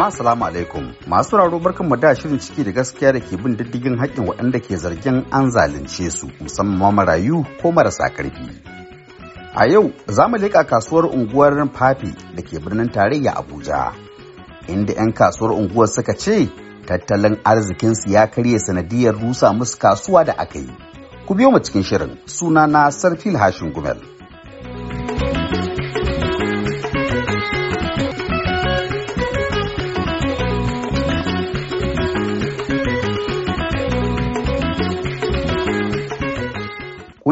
jama'a salamu alaikum masu raro barkan mu da shirin ciki da gaskiya da ke bin diddigin haƙƙin waɗanda ke zargin an zalunce su musamman marayu ko marasa ƙarfi a yau za mu leƙa kasuwar unguwar fafi da ke birnin tarayya abuja inda 'yan kasuwar unguwar suka ce tattalin arzikinsu ya karye sanadiyar rusa musu kasuwa da aka yi ku biyo mu cikin shirin sunana sarfil hashin gumel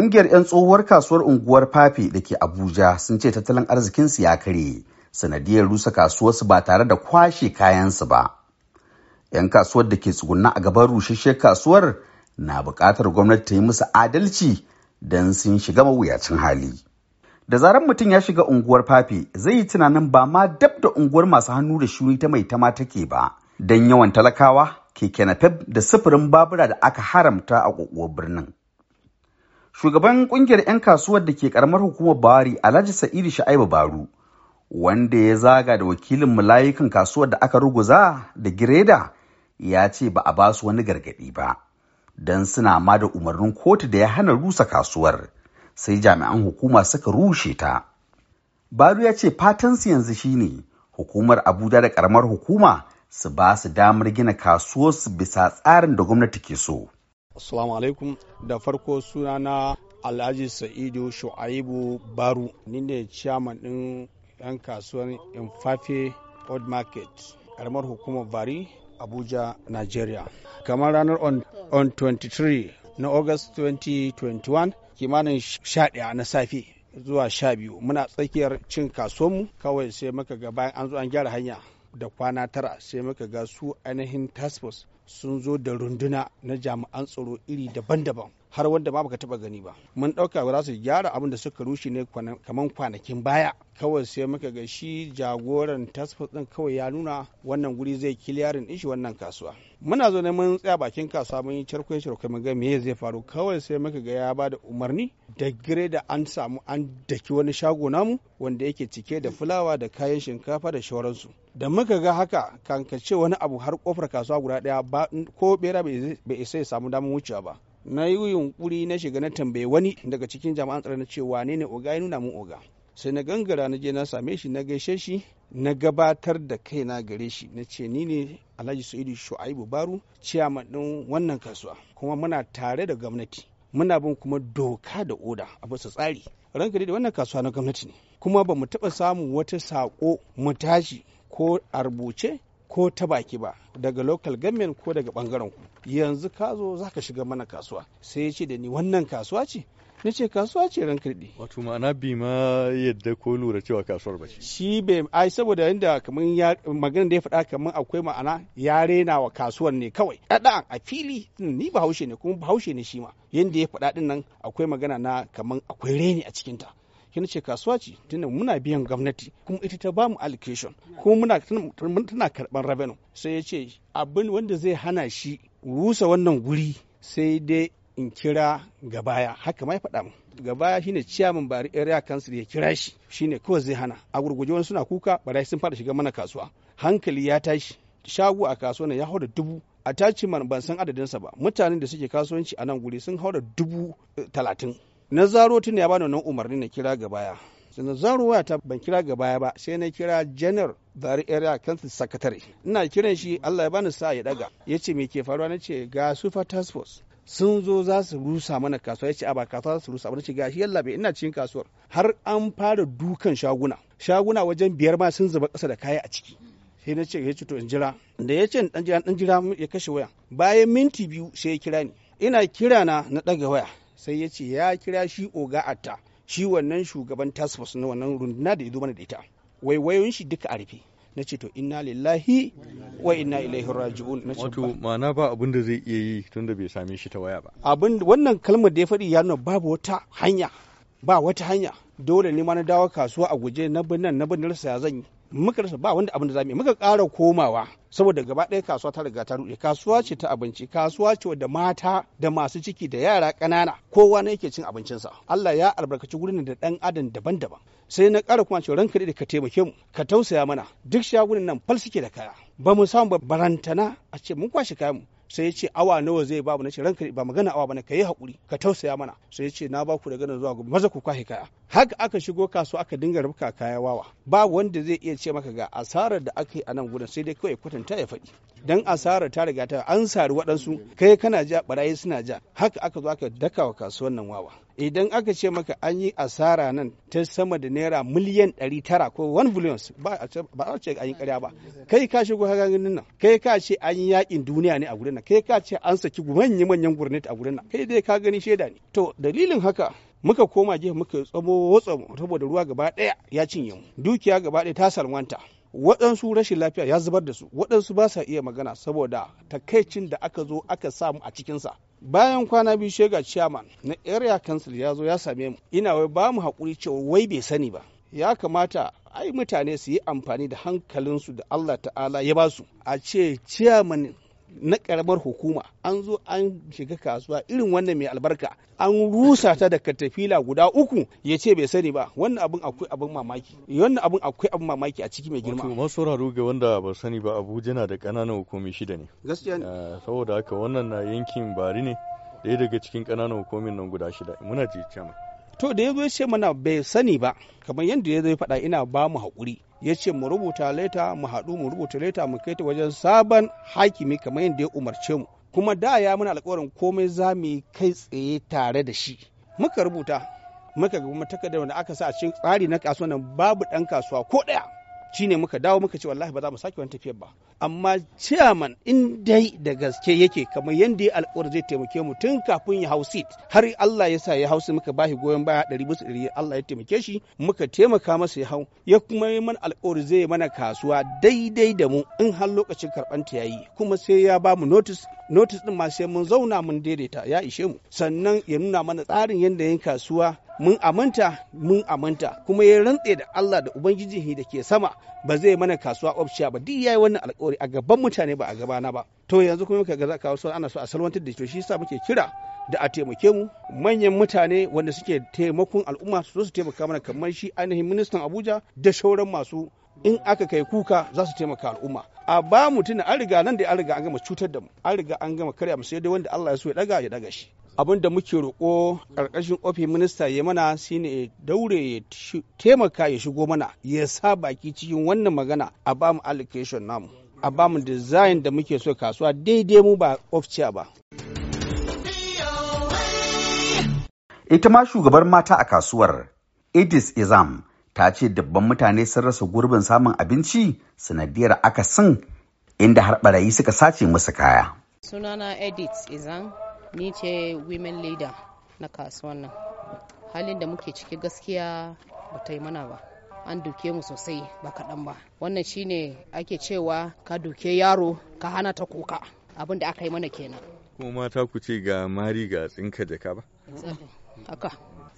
Ƙungiyar 'yan tsohuwar kasuwar unguwar Fafe da ke Abuja sun ce tattalin arzikinsu ya karye sanadiyar rusa kasuwarsu ba tare da kwashe kayansu ba. 'Yan kasuwar da ke tsugunna a gaban rushasshen kasuwar na buƙatar gwamnati ta yi musu adalci don sun shiga mawuyacin hali. Da zarar mutum ya shiga unguwar Fafe zai yi tunanin ba ma dab da unguwar masu hannu da shuni ta mai tama take ba don yawan talakawa keke da sufurin babura da aka haramta a ƙoƙuwar birnin. shugaban kungiyar 'yan kasuwar da ke karamar hukumar Buhari, alhaji sa'idu sha'ibu baru wanda ya zaga da wakilin layukan kasuwar da aka ruguza da gireda ya ce ba a basu wani gargaɗi ba don suna ma da umarnin kotu da ya hana rusa kasuwar sai jami'an hukuma suka rushe ta baru ya ce fatansu yanzu shine hukumar abuja da karamar hukuma su ba su damar gina kasuwarsu bisa tsarin da gwamnati ke so Assalamu alaikum da farko sunana Alhaji Sa'idu Shu'aibu Baru ni ne chairman ɗin 'yan kasuwar Infafe Old Market karamar hukumar Bari Abuja, Nigeria. Kamar ranar on, on 23 na August 2021 kimanin sha ɗaya na safe zuwa sha biyu muna tsakiyar cin kasuwar mu. kawai sai muka ga bayan an zo an gyara hanya da kwana tara sai muka ga su ainihin task sun zo da runduna na jami'an tsaro iri daban-daban har wanda ma baka taba gani ba mun dauka ba za su gyara abin da suka rushe ne kaman kwanakin baya kawai sai muka ga shi jagoran tasfas din kawai ya nuna wannan guri zai kiliyarin din shi wannan kasuwa muna zo ne mun tsaya bakin kasuwa mun yi charkwai charkwai mun ga me zai faru kawai sai muka ga ya ba da umarni da gire da an samu an daki wani shago namu wanda yake cike da fulawa da kayan shinkafa da shauransu da muka ga haka kankace wani abu har kofar kasuwa guda daya ko bera bai isa ya samu damar wucewa ba na yi yunkuri na shiga na tambaye wani daga cikin jama'an tsaron na cewa ne ne oga ya nuna mun oga sai na gangara na je na same shi na gaishe shi na gabatar da kai na gare shi na ce ni ne alhaji su'idu shu'aibu baru ciyama ɗin wannan kasuwa kuma muna tare da gwamnati muna bin kuma doka da oda a bisa tsari ranka da wannan kasuwa na gwamnati ne kuma ba mu taɓa samun wata saƙo mu tashi ko a rubuce ko ta baki ba daga local government ko daga bangaren ku yanzu ka zo za ka shiga mana kasuwa sai ya ce da ni wannan kasuwa ce na ce kasuwa ce ran kirɗi. Wato ma'ana bi ma yadda ko lura cewa kasuwar ba ce. Shi bai ai saboda yadda kamar magana da ya faɗa kamar akwai ma'ana ya rena wa kasuwar ne kawai. Ɗaɗa a fili hmm, ni bahaushe ne kuma bahaushe ne shi ma yadda ya faɗa ɗin nan akwai magana na kamar akwai reni a cikinta. ke nace kasuwa ce tunda muna biyan gwamnati kuma ita ta bamu allocation kuma muna tana karban revenue sai ya ce abin wanda zai hana shi rusa wannan guri sai dai in kira gabaya haka mai ya faɗa mu gabaya shine ciyaman bari area council ya kira shi shine kawai zai hana a gurguje wani suna kuka barai sun fara shiga mana kasuwa hankali ya tashi shago a kasuwa ya hau da dubu a taciman ban san adadinsa ba mutanen da suke kasuwanci a nan guri sun hau da dubu eh, talatin na zaro tun ya bani wannan umarni na kira ga baya sai na zaro ta ban kira ga baya ba sai na kira janar zari area council secretary ina kiran shi Allah ya bani sa ya daga ce me ke faruwa nace ga super task force sun zo za su rusa mana kasuwa ya ce a ba kasuwa za su rusa mana ce ga shi yalla ina cikin kasuwar har an fara dukan shaguna shaguna wajen biyar ma sun zuba kasa da kaya a ciki sai na ce ya ce to in jira da ya ce dan jira dan jira ya kashe waya bayan minti biyu sai ya kira ni ina kira na na daga waya sai ya ce ya kira shi oga atta shi wannan shugaban task na wannan runduna da ya mana da ita waiwayoyin shi duka a rufe na ce to inna lillahi wa inna ilaihi raji'un na wato ma'ana ba abin da zai iya yi tunda bai same shi ta waya ba abin wannan kalmar da ya faɗi ya nuna babu wata hanya ba wata hanya dole ne ma na dawo kasuwa a guje na bin nan na bin rasa zan yi muka rasa ba wanda abin da zamu yi muka ƙara komawa saboda gaba ɗaya kasuwa ta riga ta ruɗe kasuwa ce ta abinci kasuwa ce wadda mata da masu ciki da yara ƙanana kowa ne yake cin abincinsa Allah ya albarkaci gurin da ɗan adam daban-daban sai na ƙara kuma ce ranka da ka taimake mu ka tausaya mana duk shagunan nan fal suke da kaya ba mu samu ba barantana a ce mun kwashe kayan mu sai ya ce awa nawa zai babu na ce ranka ba magana awa bane ka yi hakuri ka tausaya mana sai ya ce na ba ku daga nan zuwa gobe maza ku kwashe kaya haka aka shigo kasuwa aka dinga rubka kaya wawa ba wanda zai iya ce maka ga asarar da aka yi a nan gudun sai dai kawai kwatanta ya faɗi dan asarar ta riga ta an sari waɗansu kai kana ja barayi suna ja haka aka zo aka daka wa kasuwan nan wawa idan aka ce maka an yi asara nan ta sama da naira miliyan ɗari tara ko one billion ba a ce an yi karya ba kai ka shigo haganin nan kai ka ce an yi yakin duniya ne a gudun nan kai ka ce an saki manyan manyan gurnet a gudun nan kai dai ka gani shaida ne to dalilin haka muka koma gefe muka tsabo tsamo saboda ruwa gaba ɗaya ya cinye mu dukiya gaba ɗaya ta salwanta waɗansu rashin lafiya ya zubar da su waɗansu ba sa iya magana saboda takaicin da aka zo aka samu a cikinsa bayan kwana biyu shega chairman na area council ya zo ya same mu ina wai ba mu haƙuri cewa wai bai sani ba ya kamata ai mutane su yi amfani da hankalinsu da Allah ta'ala ya ba su a ce chairman na karamar hukuma an zo an shiga kasuwa irin wannan mai albarka an rusa ta da katafila guda uku ya ce bai sani ba wannan abin akwai abin mamaki wannan abin akwai abin mamaki a ciki mai girma wato masu sauraro ga wanda ba sani ba Abuja na da ƙananan hukumi shida ne gaskiya ne eh, saboda haka wannan na yankin Bari ne ɗaya daga cikin ƙananan hukumin nan guda shida muna ji to da ya zo ya ce mana bai sani ba kamar yadda ya zo ya faɗa ina ba mu haƙuri ya ce mu rubuta leta mu haɗu mu rubuta leta mu kai ta wajen sabon hakimi kamar yadda ya umarce mu kuma da ya muna alƙawarin komai za mu yi kai tsaye tare da shi muka rubuta muka ga kuma takardar da aka sa a cikin tsari na kasuwa nan babu ɗan kasuwa ko ɗaya ne muka dawo muka ce wallahi ba za mu sake wani tafiyar ba amma ciyaman in dai da gaske yake kamar yadda ya alƙawar zai taimake mu tun kafin ya hau seat har Allah ya sa ya hau muka bashi goyon baya ɗari bisa ɗari Allah ya taimake shi muka taimaka masa ya hau ya kuma yi mana alƙawar zai mana kasuwa daidai da mu in har lokacin karɓan ta yayi kuma sai ya ba mu notice notice din ma sai mun zauna mun daidaita ya ishe mu sannan ya nuna mana tsarin yadda yin kasuwa mun aminta mun aminta kuma ya rantse da Allah da ubangiji da ke sama ba zai mana kasuwa ofishiya ba duk yayi wannan alƙawari a gaban mutane ba a gabana ba to yanzu kuma muka ga kawo wasu ana so a salwantar da shi yasa muke kira da a taimake mu manyan mutane wanda suke taimakon al'umma su su taimaka mana kamar shi ainihin ministan Abuja da shauran masu in aka kai kuka za su taimaka al'umma a ba mu an riga nan da an riga an gama cutar da mu an riga an gama karya mu sai wanda Allah ya so ya daga ya daga shi abin da muke roƙo ƙarƙashin ofi minista ya mana shine daure ya taimaka ya shigo mana ya sa baki cikin wannan magana a ba mu allocation namu a ba mu design da muke so kasuwa daidai mu ba ofciya ba ita ma shugabar mata a kasuwar idis izam ta ce dabban mutane sun rasa gurbin samun abinci sanadiyar akasin inda har barayi suka sace musu kaya sunana edith izam ni ce women leader na kasuwan nan halin da muke ciki gaskiya ba ta yi mana ba an duke mu sosai ba kaɗan ba wannan shine ake cewa ka duke yaro ka hana ta kuka abin da aka yi mana kenan kuma mata ku ce ga mari ga tsinka jaka ba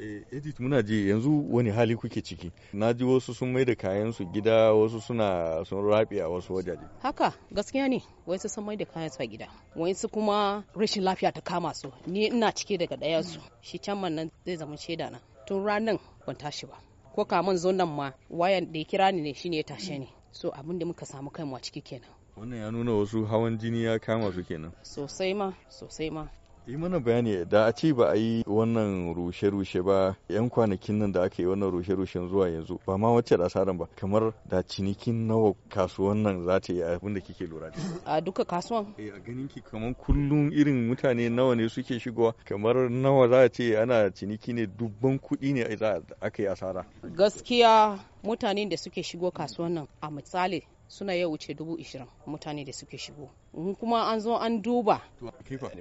Eh, Edit muna ji yanzu wani hali kuke ciki. Na ji wasu sun mai da kayansu gida wasu suna sun rabi a wasu wajaje. Haka gaskiya ne wasu sun mai da su a gida. Wasu kuma rashin lafiya ta kama su. Ni ina cike daga daya su. Shi can man nan zai zama shaida na. Tun ranan ban tashi ba. Ko kamun zo nan ma wayan da ya kira ni ne shine ya tashe ni. So abin da muka samu kanmu a ciki kenan. Wannan ya nuna wasu hawan jini ya kama su kenan. Sosai ma, sosai ma. Yi mana bayani da a ce ba a yi wannan rushe-rushe ba yan kwanakin nan da aka yi wannan rushe-rushen zuwa yanzu ba ma wacce da asarar ba kamar da cinikin nawa kasuwan nan za ta yi abin da kike lura da a duka kasuwan eh a ganin ki kamar kullum irin mutane nawa ne suke shigowa kamar nawa za a ce ana ciniki ne dubban kuɗi ne aka yi asara gaskiya mutanen da suke shigo kasuwan nan a misali suna ya wuce dubu ishirin mutane da suke shigo kuma an zo an duba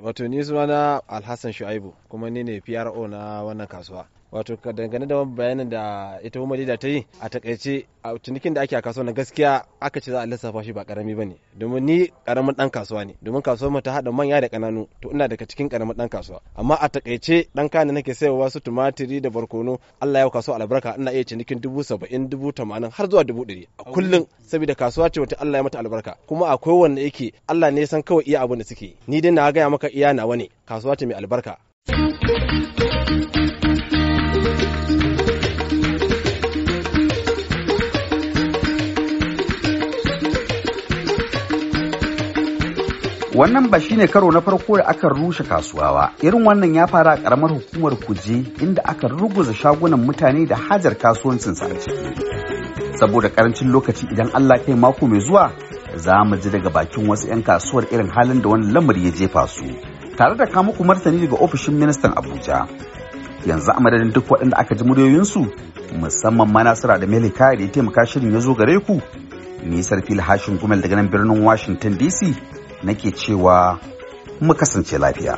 wato ni na alhassan shu'aibu kuma ni ne pro na wannan kasuwa wato dangane da bayanin da ita umar da ta yi a takaice a cinikin da ake a kasuwa na gaskiya aka ce za a lissafa shi ba karami ne domin ni karamin dan kasuwa ne domin kasuwar mu ta hada manya da kananu to ina daga cikin karamin dan kasuwa amma a takaice dan kana nake sayarwa wasu tumatiri da barkono Allah ya kasuwa albarka ina iya cinikin dubu saba'in dubu tamanin har zuwa dubu ɗari a kullum saboda kasuwa ce wata Allah ya mata albarka kuma akwai wanda yake Allah ne ya san kawai iya abin da suke ni dai na gaya maka iya nawa ne kasuwa ce mai albarka. wannan ba shine karo na farko da aka rushe kasuwa ba irin wannan ya fara a karamar hukumar kuje inda aka ruguza shagunan mutane da hajar kasuwancin a ciki saboda karancin lokaci idan Allah kai mako mai zuwa za mu ji daga bakin wasu 'yan kasuwar irin halin da wani lamari ya jefa su tare da kama ku martani daga ofishin ministan Abuja yanzu a madadin duk waɗanda aka ji muryoyinsu musamman nasara da melika da ya taimaka shirin ya zo gare ku nisar Filhashin gumel daga nan birnin Washington DC nake cewa mu kasance lafiya.